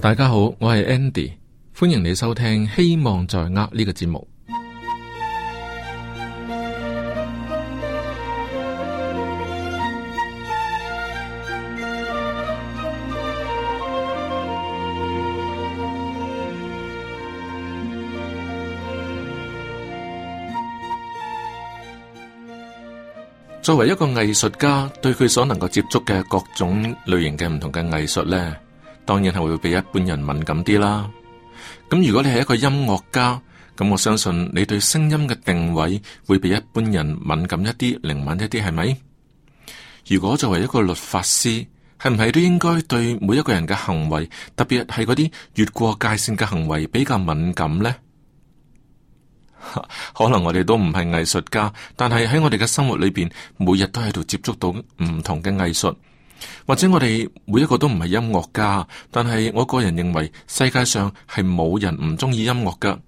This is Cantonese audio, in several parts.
大家好，我係 Andy，歡迎你收聽《希望在握》呢個節目。作為一個藝術家，對佢所能夠接觸嘅各種類型嘅唔同嘅藝術呢。當然係會比一般人敏感啲啦。咁如果你係一個音樂家，咁我相信你對聲音嘅定位會比一般人敏感一啲，靈敏一啲，係咪？如果作為一個律法師，係唔係都應該對每一個人嘅行為，特別係嗰啲越過界線嘅行為比較敏感呢？ 可能我哋都唔係藝術家，但係喺我哋嘅生活裏邊，每日都喺度接觸到唔同嘅藝術。或者我哋每一個都唔係音樂家，但係我個人認為世界上係冇人唔中意音樂噶。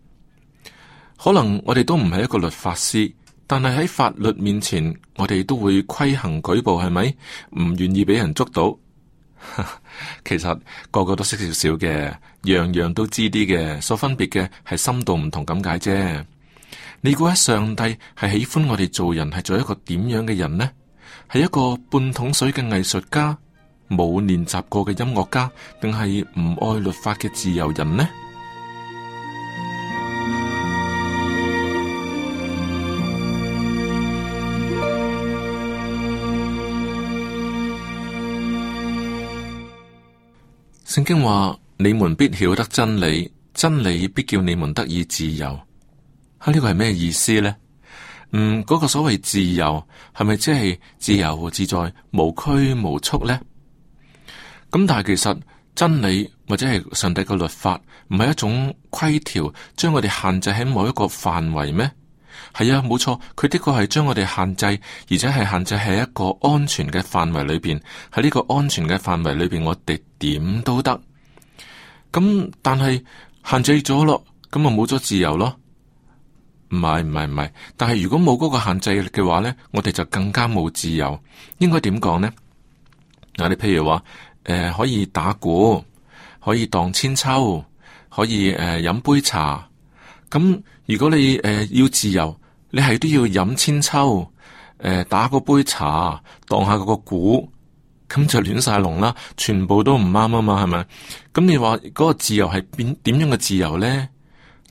可能我哋都唔係一個律法師，但係喺法律面前，我哋都會規行矩步，係咪？唔願意俾人捉到。 其實個個都識少少嘅，樣樣都知啲嘅，所分別嘅係深度唔同咁解啫。你估下上帝係喜歡我哋做人係做一個點樣嘅人呢？係一個半桶水嘅藝術家，冇練習過嘅音樂家，定係唔愛律法嘅自由人呢？聖經話：你們必曉得真理，真理必叫你們得以自由。哈、啊，呢、這個係咩意思呢？嗯，嗰、那個所謂自由係咪即係自由和自在，無拘無束呢？咁但係其實真理或者係上帝個律法，唔係一種規條，將我哋限制喺某一個範圍咩？係啊，冇錯，佢的確係將我哋限制，而且係限制喺一個安全嘅範圍裏邊。喺呢個安全嘅範圍裏邊，我哋點都得。咁但係限制咗咯，咁咪冇咗自由咯。唔係唔係唔係，但係如果冇嗰個限制嘅話咧，我哋就更加冇自由。應該點講咧？嗱，你譬如話，誒、呃、可以打鼓，可以蕩千秋，可以誒飲、呃、杯茶。咁如果你誒要、呃、要自由，你係都要飲千秋，誒、呃、打嗰杯茶，蕩下嗰個鼓，咁就亂晒龍啦，全部都唔啱啊嘛，係咪？咁你話嗰個自由係變點樣嘅自由咧？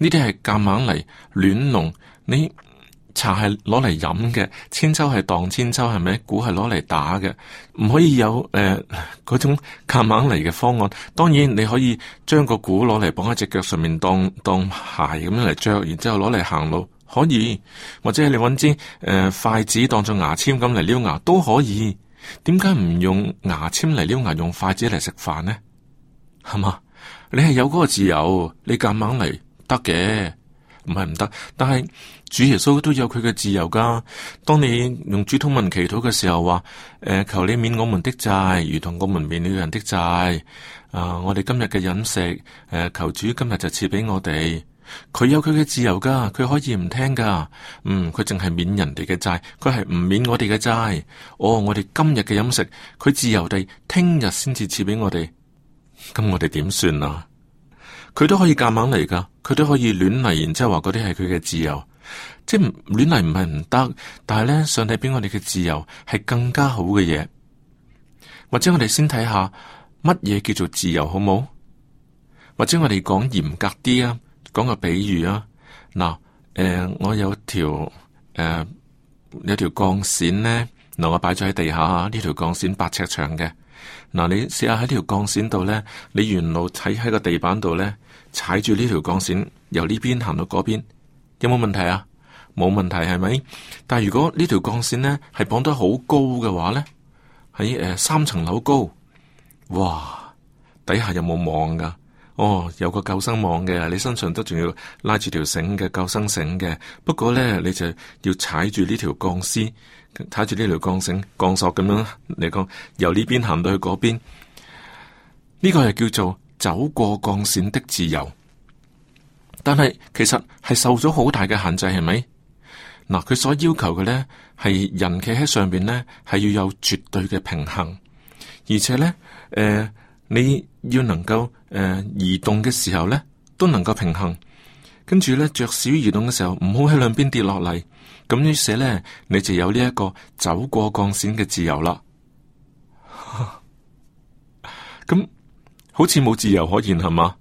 呢啲係夾硬嚟，亂弄，你茶係攞嚟飲嘅，千秋係當千秋係咪？鼓係攞嚟打嘅，唔可以有誒嗰、呃、種夾硬嚟嘅方案。當然你可以將個鼓攞嚟綁喺隻腳上面當當鞋咁樣嚟着，然之後攞嚟行路可以。或者你揾支誒筷子當做牙籤咁嚟撩牙都可以。點解唔用牙籤嚟撩牙，用筷子嚟食飯呢？係嘛？你係有嗰個自由，你夾硬嚟。得嘅，唔係唔得，但係主耶穌都有佢嘅自由㗎。當你用主禱文祈禱嘅時候，話誒、呃、求你免我們的債，如同我們免了人的債。啊、呃，我哋今日嘅飲食，誒、呃、求主今日就賜畀我哋。佢有佢嘅自由㗎，佢可以唔聽㗎。嗯，佢淨係免人哋嘅債，佢係唔免我哋嘅債。哦，我哋今日嘅飲食，佢自由地聽日先至賜畀我哋。咁我哋點算啊？佢都可以夾硬嚟噶，佢都可以亂嚟，然之後話嗰啲係佢嘅自由，即係亂嚟唔係唔得，但係咧，上帝俾我哋嘅自由係更加好嘅嘢。或者我哋先睇下乜嘢叫做自由，好冇？或者我哋講嚴格啲啊，講個比喻啊。嗱，誒、呃，我有條誒、呃、有條鋼線咧。嗱，我擺咗喺地下啊。呢條鋼線八尺長嘅。嗱、啊，你試下喺條鋼線度咧，你沿路睇喺個地板度咧，踩住呢條鋼線由呢邊行到嗰邊，有冇問題啊？冇問題係咪？但係如果呢條鋼線咧係綁得好高嘅話咧，喺誒、呃、三層樓高，哇！底下有冇網噶？哦，有個救生網嘅，你身上都仲要拉住條繩嘅救生繩嘅。不過咧，你就要踩住呢條鋼絲。睇住呢條鋼繩、鋼索咁樣嚟講，由呢邊行到去嗰邊，呢、這個就叫做走過鋼線的自由。但係其實係受咗好大嘅限制，係咪？嗱，佢所要求嘅咧，係人企喺上邊咧，係要有絕對嘅平衡，而且咧，誒、呃，你要能夠誒、呃、移動嘅時候咧，都能夠平衡。跟住咧，着小移動嘅時候，唔好喺兩邊跌落嚟。咁樣寫咧，你就有呢一個走過鋼線嘅自由啦。咁 好似冇自由可言係嘛？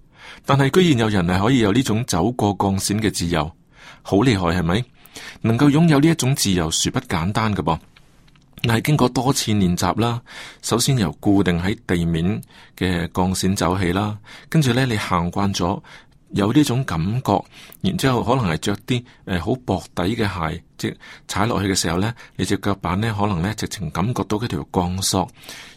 但係居然有人係可以有呢種走過鋼線嘅自由，好厲害係咪？能夠擁有呢一種自由，殊不簡單噶噃。但係經過多次練習啦，首先由固定喺地面嘅鋼線走起啦，跟住咧你行慣咗。有呢種感覺，然之後可能係着啲誒好薄底嘅鞋，即踩落去嘅時候咧，你隻腳板咧可能咧直情感覺到嗰條鋼索，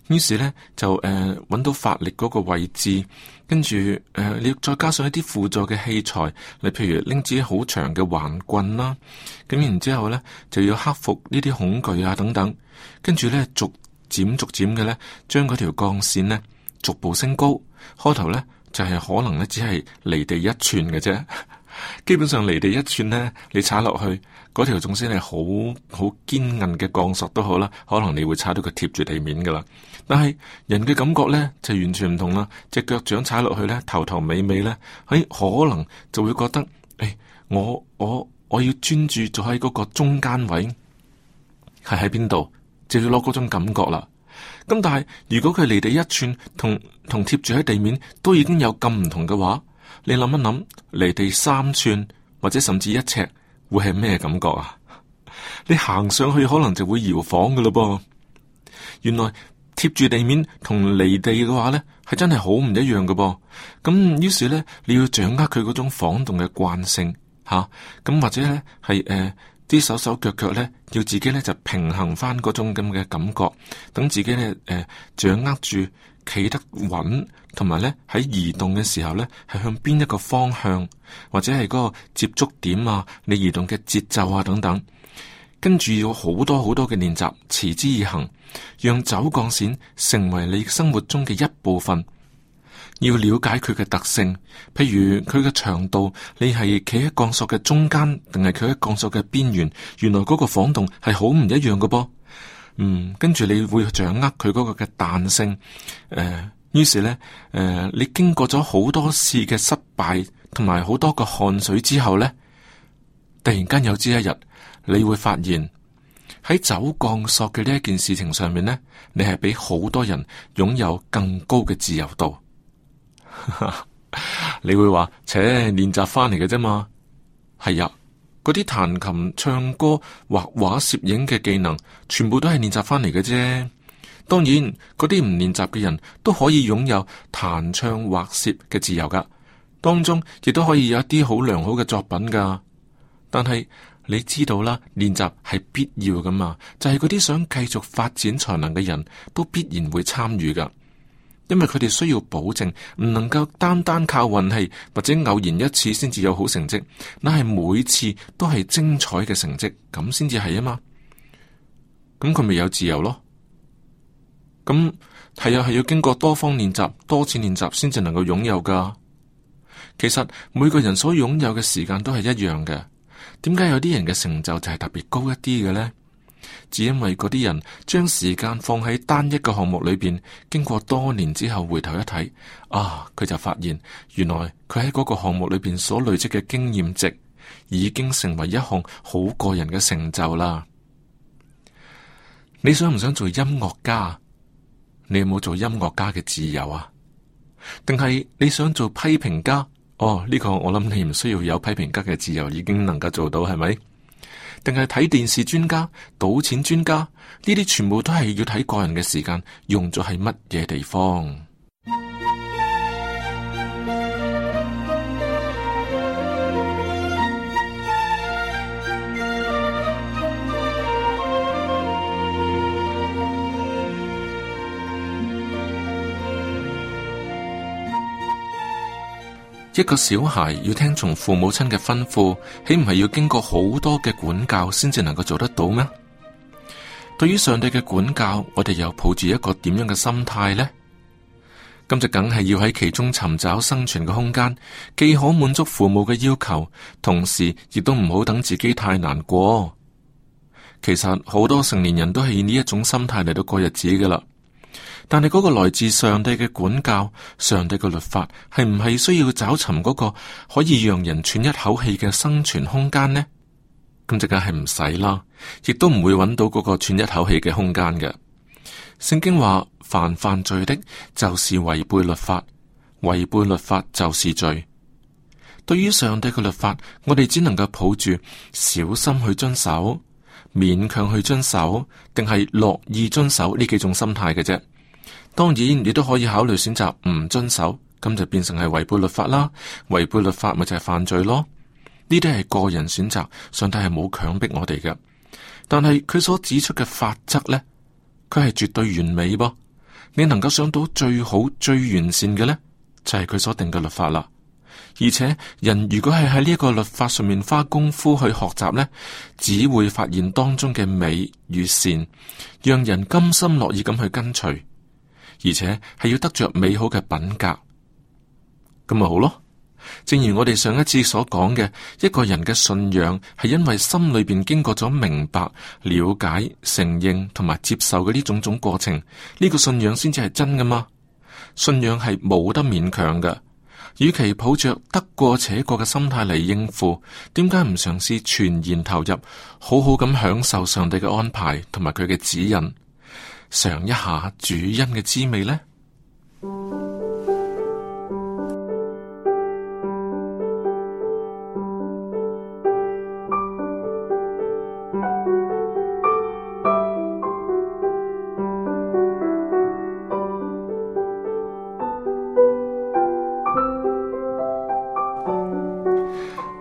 於是咧就誒搵、呃、到發力嗰個位置，跟住誒你再加上一啲輔助嘅器材，你譬如拎自己好長嘅橫棍啦，咁然之後咧就要克服呢啲恐懼啊等等，跟住咧逐漸逐漸嘅咧將嗰條鋼線咧逐步升高，開頭咧。就係可能咧，只係離地一寸嘅啫。基本上離地一寸咧，你踩落去嗰條重先係好好堅硬嘅鋼索都好啦。可能你會踩到佢貼住地面噶啦。但係人嘅感覺咧，就完全唔同啦。隻腳掌踩落去咧，頭頭尾尾咧，喺、哎、可能就會覺得，誒、哎，我我我要專注做喺嗰個中間位，係喺邊度，就要攞嗰種感覺啦。咁、嗯、但係如果佢離地一寸同同貼住喺地面都已經有咁唔同嘅話，你諗一諗離地三寸或者甚至一尺會係咩感覺啊？你行上去可能就會搖晃嘅咯噃。原來貼住地面同離地嘅話咧，係真係好唔一樣嘅噃。咁於是咧，你要掌握佢嗰種晃動嘅慣性吓，咁、啊嗯、或者咧係誒。呃啲手手腳腳咧，要自己咧就平衡翻嗰種咁嘅感覺，等自己咧誒、呃、掌握住企得穩，同埋咧喺移動嘅時候咧，係向邊一個方向，或者係嗰個接觸點啊，你移動嘅節奏啊等等，跟住要好多好多嘅練習，持之以恆，讓走鋼線成為你生活中嘅一部分。要了解佢嘅特性，譬如佢嘅長度，你係企喺鋼索嘅中間，定係佢喺鋼索嘅邊緣？原來嗰個晃動係好唔一樣嘅噃。嗯，跟住你會掌握佢嗰個嘅彈性。誒、呃，於是咧，誒、呃，你經過咗好多次嘅失敗，同埋好多個汗水之後咧，突然間有朝一日，你會發現喺走鋼索嘅呢一件事情上面咧，你係比好多人擁有更高嘅自由度。 你會話，切練習翻嚟嘅啫嘛？係啊，嗰啲彈琴、唱歌、畫畫、攝影嘅技能，全部都係練習翻嚟嘅啫。當然，嗰啲唔練習嘅人都可以擁有彈唱、畫攝嘅自由噶，當中亦都可以有一啲好良好嘅作品噶。但係你知道啦，練習係必要噶嘛？就係嗰啲想繼續發展才能嘅人都必然會參與噶。因為佢哋需要保證唔能夠單單靠運氣或者偶然一次先至有好成績，那係每次都係精彩嘅成績，咁先至係啊嘛。咁佢咪有自由咯？咁係又係要經過多方練習、多次練習先至能夠擁有噶。其實每個人所擁有嘅時間都係一樣嘅，點解有啲人嘅成就就係特別高一啲嘅呢？只因為嗰啲人將時間放喺單一嘅項目裏邊，經過多年之後回頭一睇，啊，佢就發現原來佢喺嗰個項目裏邊所累積嘅經驗值已經成為一項好個人嘅成就啦。你想唔想做音樂家？你有冇做音樂家嘅自由啊？定係你想做批評家？哦，呢個我諗你唔需要有批評家嘅自由，已經能夠做到，係咪？定係睇電視專家、賭錢專家，呢啲全部都係要睇個人嘅時間用咗係乜嘢地方。一個小孩，要聽從父母親嘅吩咐，豈唔係要經過好多嘅管教先至能夠做得到咩？對於上帝嘅管教，我哋又抱住一個點樣嘅心態呢？咁就梗係要喺其中尋找生存嘅空間，既可滿足父母嘅要求，同時亦都唔好等自己太難過。其實好多成年人都係以呢一種心態嚟到過日子噶啦。但係嗰個來自上帝嘅管教，上帝嘅律法係唔係需要找尋嗰個可以讓人喘一口氣嘅生存空間呢？咁就梗係唔使啦，亦都唔會揾到嗰個喘一口氣嘅空間嘅。聖經話，凡犯罪的，就是違背律法；違背律法，就是罪。對於上帝嘅律法，我哋只能夠抱住小心去遵守、勉強去遵守，定係樂意遵守呢幾種心態嘅啫。當然，你都可以考慮選擇唔遵守，咁就變成係違背律法啦。違背律法咪就係犯罪咯。呢啲係個人選擇，上帝係冇強迫我哋嘅。但係佢所指出嘅法則呢，佢係絕對完美噃。你能夠想到最好最完善嘅呢，就係佢所定嘅律法啦。而且人如果係喺呢一個律法上面花功夫去學習呢，只會發現當中嘅美與善，讓人甘心樂意咁去跟隨。而且係要得着美好嘅品格，咁咪好咯？正如我哋上一次所講嘅，一個人嘅信仰係因為心裏邊經過咗明白、了解、承認同埋接受嘅呢種種過程，呢個信仰先至係真㗎嘛？信仰係冇得勉強嘅，與其抱着得過且過嘅心態嚟應付，點解唔嘗試全然投入，好好咁享受上帝嘅安排同埋佢嘅指引，嘗一下主恩嘅滋味呢？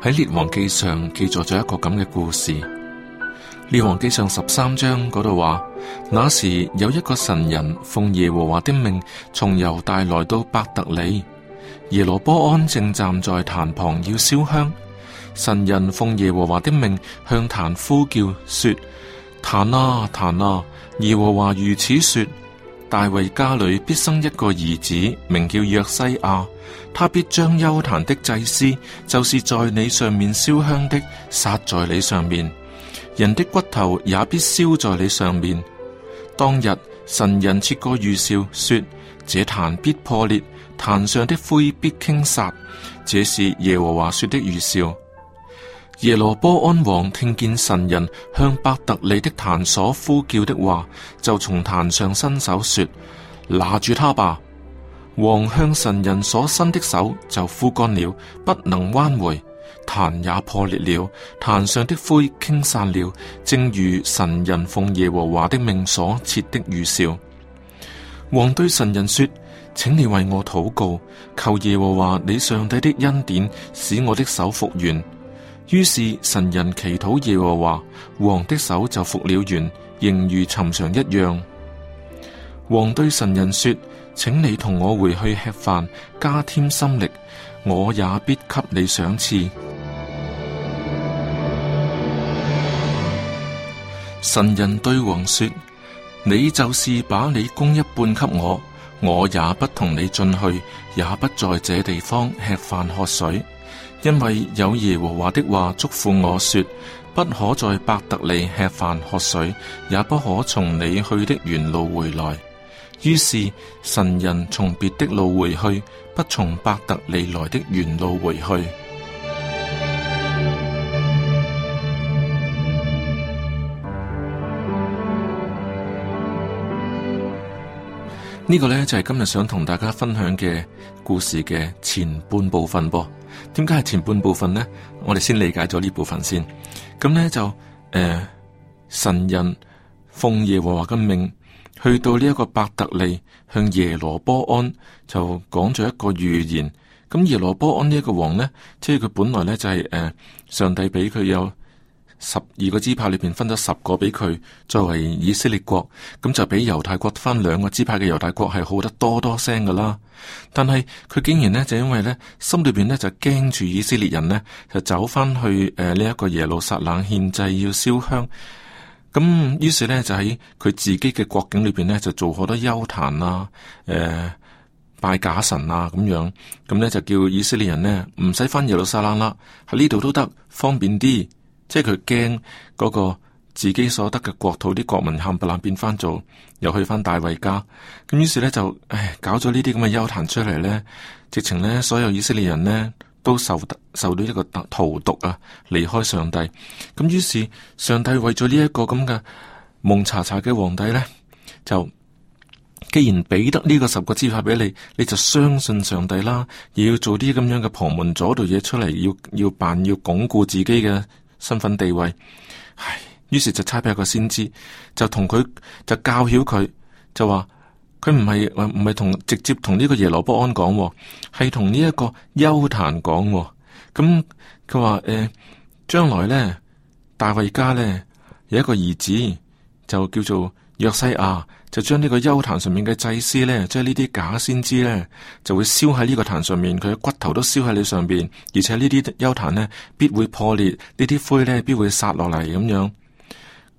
喺《列 王記》上記載咗一個咁嘅故事，《列王記》上十三章嗰度話。那時有一個神人奉耶和華的命從猶大來到伯特利。耶羅波安正站在壇旁要燒香。神人奉耶和華的命向壇呼叫說：壇啊壇啊！耶和華如此說：大衛家裏必生一個兒子，名叫約西亞，他必將丘壇的祭司，就是在你上面燒香的，殺在你上面；人的骨頭也必燒在你上面。當日神人設個預兆，說這壇必破裂，壇上的灰必傾撒。這是耶和華說的預兆。耶羅波安王聽見神人向伯特利的壇所呼叫的話，就從壇上伸手說：拿住他吧！王向神人所伸的手就枯乾了，不能彎回。壇也破裂了，壇上的灰傾散了，正如神人奉耶和華的命所設的預兆。王對神人說：請你為我禱告，求耶和華你上帝的恩典，使我的手復原。於是神人祈禱耶和華，王的手就復了原，仍如尋常一樣。王對神人說：請你同我回去吃飯，加添心力。我也必給你賞賜。神人對王說：你就是把你供一半給我，我也不同你進去，也不在這地方吃飯喝水，因為有耶和華的話囑咐我說：不可在伯特利吃飯喝水，也不可從你去的原路回來。於是神人從別的路回去。不從伯特利來的原路回去。呢 個呢就係、是、今日想同大家分享嘅故事嘅前半部分噃。點解係前半部分呢？我哋先理解咗呢部分先。咁呢，就誒、呃，神人、奉耶和華嘅命。去到呢一個伯特利向耶羅波安就講咗一個預言，咁耶羅波安呢一個王呢，即係佢本來呢就係、是、誒、呃、上帝俾佢有十二個支派裏邊分咗十個俾佢作為以色列國，咁就比猶太國分兩個支派嘅猶太國係好得多多聲噶啦，但係佢竟然呢，就因為呢，心裏邊呢就驚住以色列人呢，就走翻去誒呢一個耶路撒冷獻祭要燒香。咁於是咧就喺佢自己嘅國境裏邊咧就做好多邱壇啊、誒、呃、拜假神啊咁樣，咁咧就叫以色列人咧唔使翻耶路撒冷啦，喺呢度都得方便啲，即係佢驚嗰個自己所得嘅國土啲國民冚唪唥變翻做又去翻大衛家，咁於是咧就誒搞咗呢啲咁嘅邱壇出嚟咧，直情咧所有以色列人咧。都受得受到一個毒荼毒啊！離開上帝，咁於是上帝為咗呢一個咁嘅蒙查查嘅皇帝咧，就既然俾得呢個十個支派俾你，你就相信上帝啦，要做啲咁樣嘅旁門左道嘢出嚟，要要辦，要鞏固自己嘅身份地位。唉，於是就差派個先知，就同佢就教曉佢，就話。佢唔係唔，唔係同直接同呢個耶羅波安講，哦，係同呢一個丘壇講，哦。咁佢話誒，將來咧大衛家咧有一個兒子就叫做約西亞，就將呢個丘壇上面嘅祭司咧，即係呢啲假先知咧，就會燒喺呢個壇上面，佢嘅骨頭都燒喺你上邊，而且呢啲丘壇咧必會破裂，呢啲灰咧必會撒落嚟咁樣。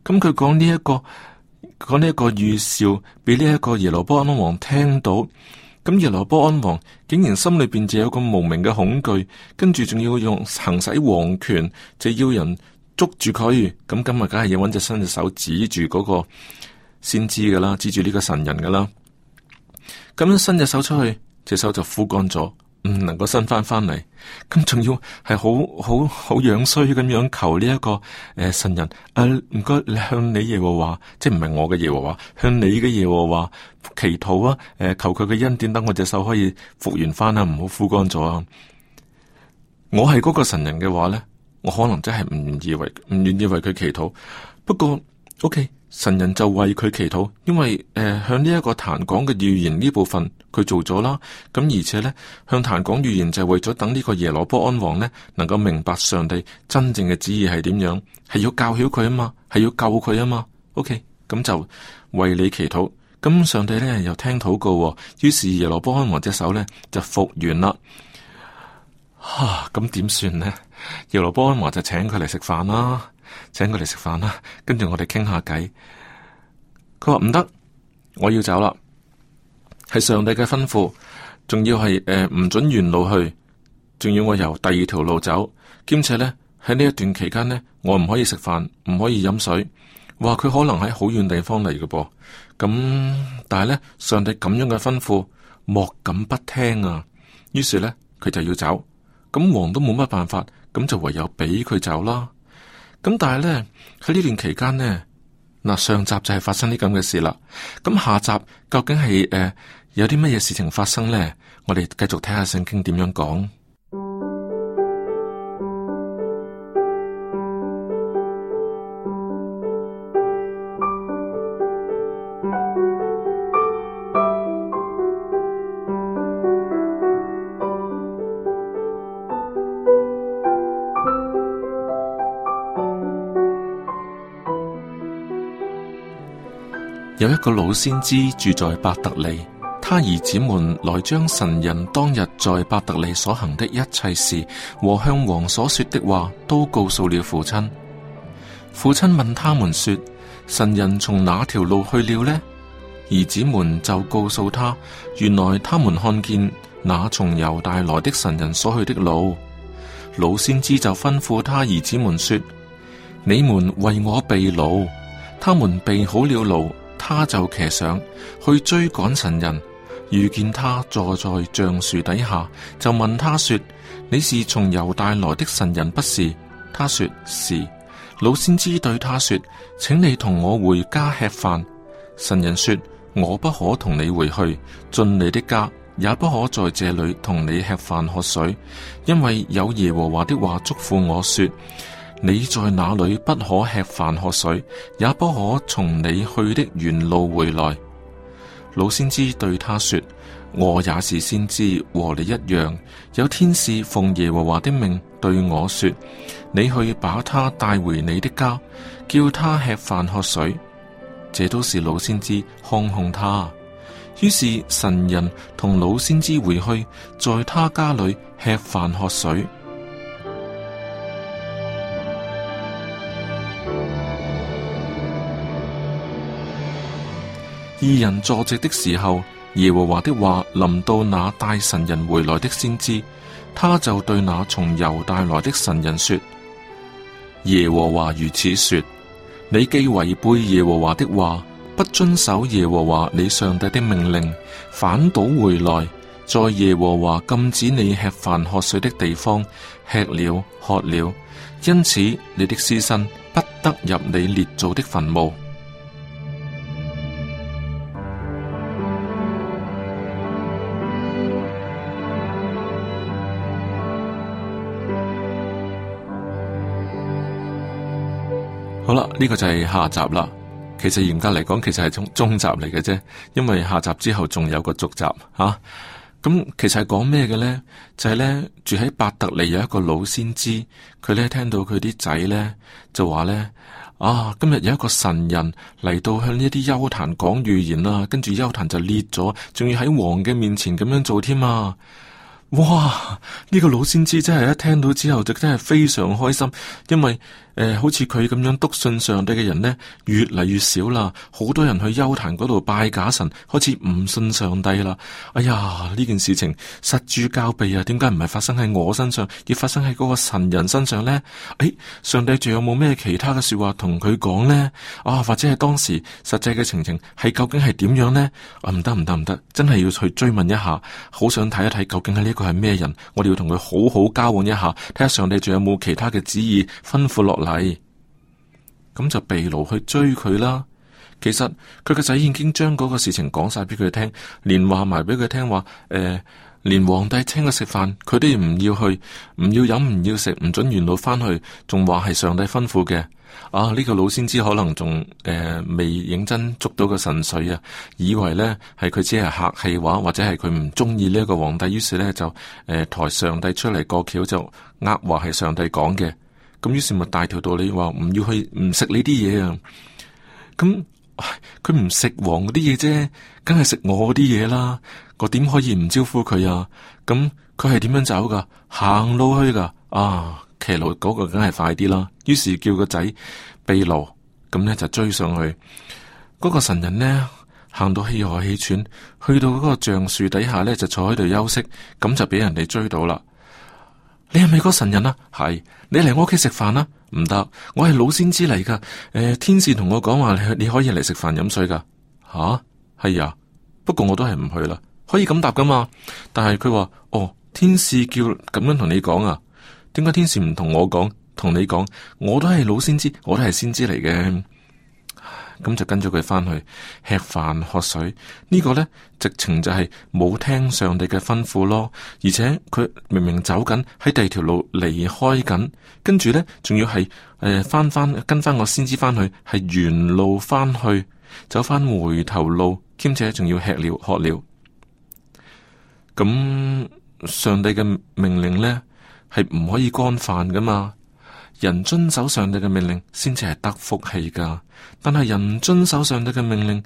咁佢講呢一個。講呢一個預兆俾呢一個耶羅波安王聽到，咁耶羅波安王竟然心裏邊就有個無名嘅恐懼，跟住仲要用行使王權，就係要人捉住佢，咁今日梗係要揾，只伸隻手指住嗰個先知噶啦，指住呢個神人噶啦，咁樣伸隻手出去，隻手就枯乾咗。唔能夠伸翻翻嚟，咁仲要係好好好樣衰咁樣求呢、這、一個誒、呃、神人誒，唔、啊、該你向你耶和華，即係唔係我嘅耶和華，向你嘅耶和華祈禱啊，誒、呃、求佢嘅恩典，等我隻手可以復原翻啊，唔好枯乾咗啊。我係嗰個神人嘅話咧，我可能真係唔願意為唔願意為佢祈禱。不過，OK。神人就為佢祈禱，因為誒、呃，向呢一個壇講嘅預言呢部分佢做咗啦，咁而且咧向壇講預言就係為咗等呢個耶羅波安王咧能夠明白上帝真正嘅旨意係點樣，係要教曉佢啊嘛，係要救佢啊嘛。OK，咁就為你祈禱。咁、嗯、上帝咧又聽禱告，於是耶羅波安王隻手咧就復原啦。吓，咁點算呢？耶羅波安王就請佢嚟食飯啦。請佢嚟食飯啦，跟住我哋傾下偈。佢話唔得，我要走啦，係上帝嘅吩咐，仲要係誒唔准原路去，仲要我由第二條路走。兼且咧喺呢一段期間咧，我唔可以食飯，唔可以飲水。話佢可能喺好遠地方嚟嘅噃。咁但係咧，上帝咁樣嘅吩咐，莫敢不聽啊。於是咧，佢就要走，咁王都冇乜辦法，咁就唯有俾佢走啦。咁但係咧喺呢段期間咧嗱上集就係發生啲咁嘅事啦，咁下集究竟係誒、呃、有啲乜嘢事情發生咧？我哋繼續睇下聖經點樣講。有一個老先知住在伯特利，他兒子們來將神人當日在伯特利所行的一切事和向王所說的話都告訴了父親。父親問他們說：神人從哪條路去了呢？兒子們就告訴他：原來他們看見那從猶大來的神人所去的路。老先知就吩咐他兒子們說：你們為我備驢，他們備好了驢。他就騎上去追趕神人，遇見他坐在橡樹底下，就問他說：你是從猶大來的神人不是？他說是。老先知對他說：請你同我回家吃飯。神人說：我不可同你回去進你的家，也不可在這裏同你吃飯喝水，因為有耶和華的話囑咐我說。你在哪裏不可吃飯喝水，也不可從你去的原路回來。老先知對他說：我也是先知，和你一樣，有天使奉耶和華的命對我說：你去把他帶回你的家，叫他吃飯喝水。這都是老先知誆哄他。於是神人同老先知回去，在他家裏吃飯喝水。二人坐席的時候，耶和華的話臨到那帶神人回來的先知，他就對那從猶大來的神人說：耶和華如此說，你既違背耶和華的話，不遵守耶和華你上帝的命令，反倒回來，在耶和華禁止你吃飯喝水的地方吃了喝了，因此你的屍身不得入你列祖的墳墓。好啦，呢、這個就係下集啦。其實嚴格嚟講，其實係中中，中集嚟嘅啫，因為下集之後仲有個續集啊。咁、嗯、其實係講咩嘅咧？就係、是、咧住喺伯特利有一個老先知，佢咧聽到佢啲仔咧就話咧啊，今日有一個神人嚟到向呢啲邱壇講預言啦、啊，跟住邱壇就裂咗，仲要喺王嘅面前咁樣做添啊！哇，呢、這個老先知真係一聽到之後就真係非常開心，因為。誒、欸,好似佢咁樣篤信上帝嘅人呢，越嚟越少啦。好多人去幽壇嗰度拜假神，開始唔信上帝啦。哎呀，呢件事情失諸交臂啊！點解唔係發生喺我身上，而發生喺嗰個神人身上呢？誒、欸，上帝仲有冇咩其他嘅說話同佢講呢？啊，或者係當時實際嘅情形係究竟係點樣呢啊，唔得唔得唔得，真係要去追問一下。好想睇一睇究竟係呢個係咩人，我哋要同佢好好交換一下，睇下上帝仲有冇其他嘅旨意吩咐落嚟係咁就備驢去追佢啦。其實佢個仔已經將嗰個事情講晒俾佢聽，連話埋俾佢聽話。誒，連皇帝請佢食飯，佢都唔要去，唔要飲，唔要食，唔准沿路返去，仲話係上帝吩咐嘅。啊，呢個老先知可能仲誒未認真捉到個神髓啊，以為呢係佢只係客氣話，或者係佢唔中意呢一個皇帝，於是呢，就誒抬上帝出嚟過橋，就呃話係上帝講嘅。咁於是咪大條道理話唔要去，唔食呢啲嘢啊？咁佢唔食黃嗰啲嘢啫，梗係食我啲嘢啦。我點可以唔招呼佢啊？咁佢係點樣走噶？行路去噶啊！騎路嗰個梗係快啲啦。於是叫個仔秘路，咁咧就追上去。嗰個神人咧，行到氣海氣喘，去到嗰個橡樹底下咧就坐喺度休息，咁就俾人哋追到啦。你係咪個神人啊？係，你嚟我屋企食飯啊？唔得，我係老先知嚟噶誒、呃，天使同我講話，你你可以嚟食飯飲水噶吓、啊，係啊。不過我都係唔去啦。可以咁答噶嘛但係佢話，哦，天使叫咁樣同你講啊。點解天使唔同我講，同你講？我都係老先知，我都係先知嚟嘅。咁就跟咗佢返去吃飯喝水，呢、這個呢，直情就係冇聽上帝嘅吩咐咯，而且佢明明走緊喺第二條路離開緊，跟住呢，仲要係誒翻翻跟翻我先知翻去，係原路翻去走翻回頭路，兼且仲要吃了喝了。咁上帝嘅命令呢，係唔可以幹飯噶嘛？人遵守上帝嘅命令，先至係得福氣噶。但係人唔遵守上帝嘅命令，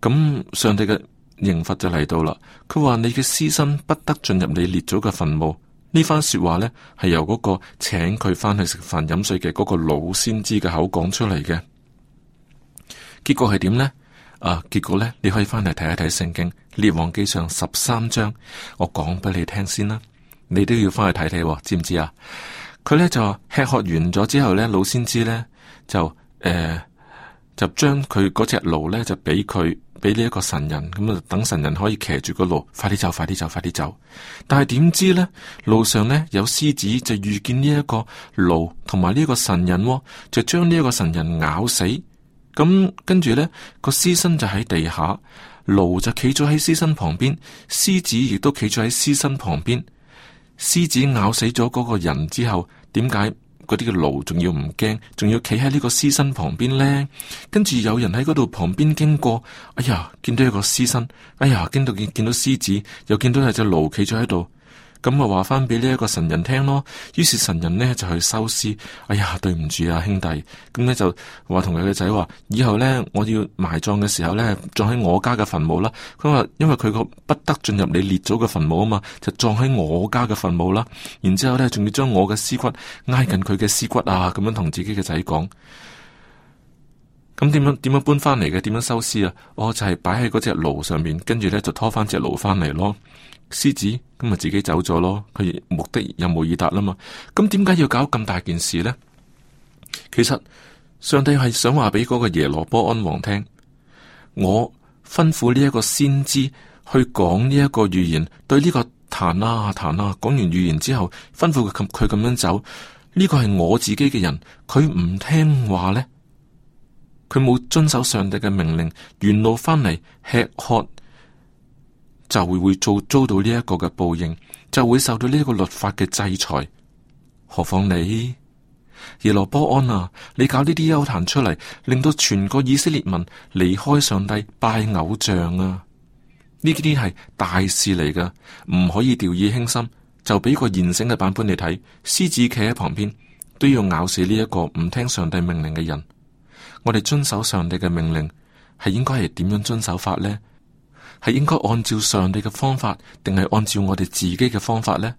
咁上帝嘅刑罰就嚟到啦。佢話，你嘅屍身不得進入你列祖嘅墳墓。呢番說話呢，係由嗰個請佢翻去食飯飲水嘅嗰個老先知嘅口講出嚟嘅。結果係點呢？啊，結果呢，你可以翻嚟睇一睇聖經列王記上十三章，我講俾你聽先啦。你都要翻去睇睇，哦，知唔知啊？佢咧就吃喝完咗之後咧，老先知咧就誒、呃、就將佢嗰隻驢咧就俾佢俾呢一個神人咁啊，就等神人可以騎住個驢快啲走，快啲走，快啲走。但係點知咧，路上咧有獅子就遇見呢一個驢同埋呢一個神人，就將呢一個神人咬死。咁跟住咧，個屍身就喺地下，驢就企咗喺屍身旁邊，獅子亦都企咗喺屍身旁邊。獅子咬死咗嗰個人之後，點解嗰啲嘅驢仲要唔驚，仲要企喺呢個屍身旁邊咧？跟住有人喺嗰度旁邊經過，哎呀，見到有個屍身，哎呀，見到見見到獅子，又見到有隻驢企咗喺度。咁咪話翻俾呢一個神人聽咯，於是神人呢就去收屍。哎呀，對唔住啊，兄弟，咁呢就話同佢個仔話，以後呢，我要埋葬嘅時候呢，葬喺我家嘅墳墓啦。佢話因為佢個不得進入你列祖嘅墳墓啊嘛，就葬喺我家嘅墳墓啦。然之後呢，仲要將我嘅屍骨挨近佢嘅屍骨啊，咁樣同自己嘅仔講。咁點樣點樣搬翻嚟嘅？點樣收屍啊？我就係擺喺嗰隻爐上面，跟住咧就拖翻隻爐翻嚟咯。獅子咁啊，自己走咗咯。佢目的有冇以達啦嘛？咁點解要搞咁大件事呢？其實上帝係想話俾嗰個耶羅波安王聽，我吩咐呢一個先知去講呢一個預言，對呢個彈啊彈啊，講、nah、完預言之後，吩咐佢佢咁樣走。呢、這個係我自己嘅人，佢唔聽話咧。佢冇遵守上帝嘅命令，沿路翻嚟吃喝，hot, 就會會做遭到呢一個嘅報應，就會受到呢一個律法嘅制裁。何況你，耶羅波安啊，你搞呢啲邱壇出嚟，令到全個以色列民離開上帝拜偶像啊，呢啲係大事嚟噶，唔可以掉以輕心。就俾個現成嘅版本你睇，獅子企喺旁邊都要咬死呢一個唔聽上帝命令嘅人。我哋遵守上帝嘅命令，係應該係點樣遵守法咧？係應該按照上帝嘅方法，定係按照我哋自己嘅方法咧？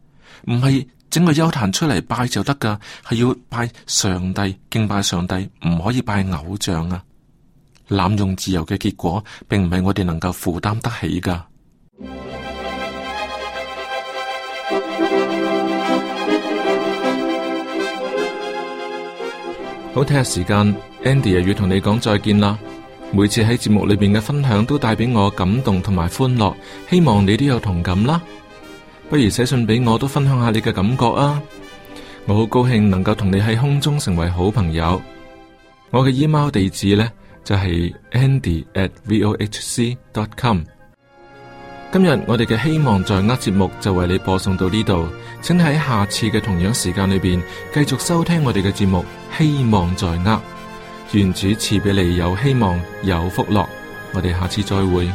唔係整個祭壇出嚟拜就得噶，係要拜上帝，敬拜上帝，唔可以拜偶像啊！濫用自由嘅結果，並唔係我哋能夠負擔得起噶。好，睇下時間，Andy 又要同你講再見啦。每次喺節目裡邊嘅分享都帶俾我感動同埋歡樂，希望你都有同感啦。不如寫信俾我都分享下你嘅感覺啊！我好高興能夠同你喺空中成爲好朋友。我嘅 email 地址呢，就係、是、Andy at vohc.com。今日我哋嘅希望在握節目就為你播送到呢度，請喺下次嘅同樣時間裏邊繼續收聽我哋嘅節目。希望在握，願主賜俾你有希望、有福樂。我哋下次再會。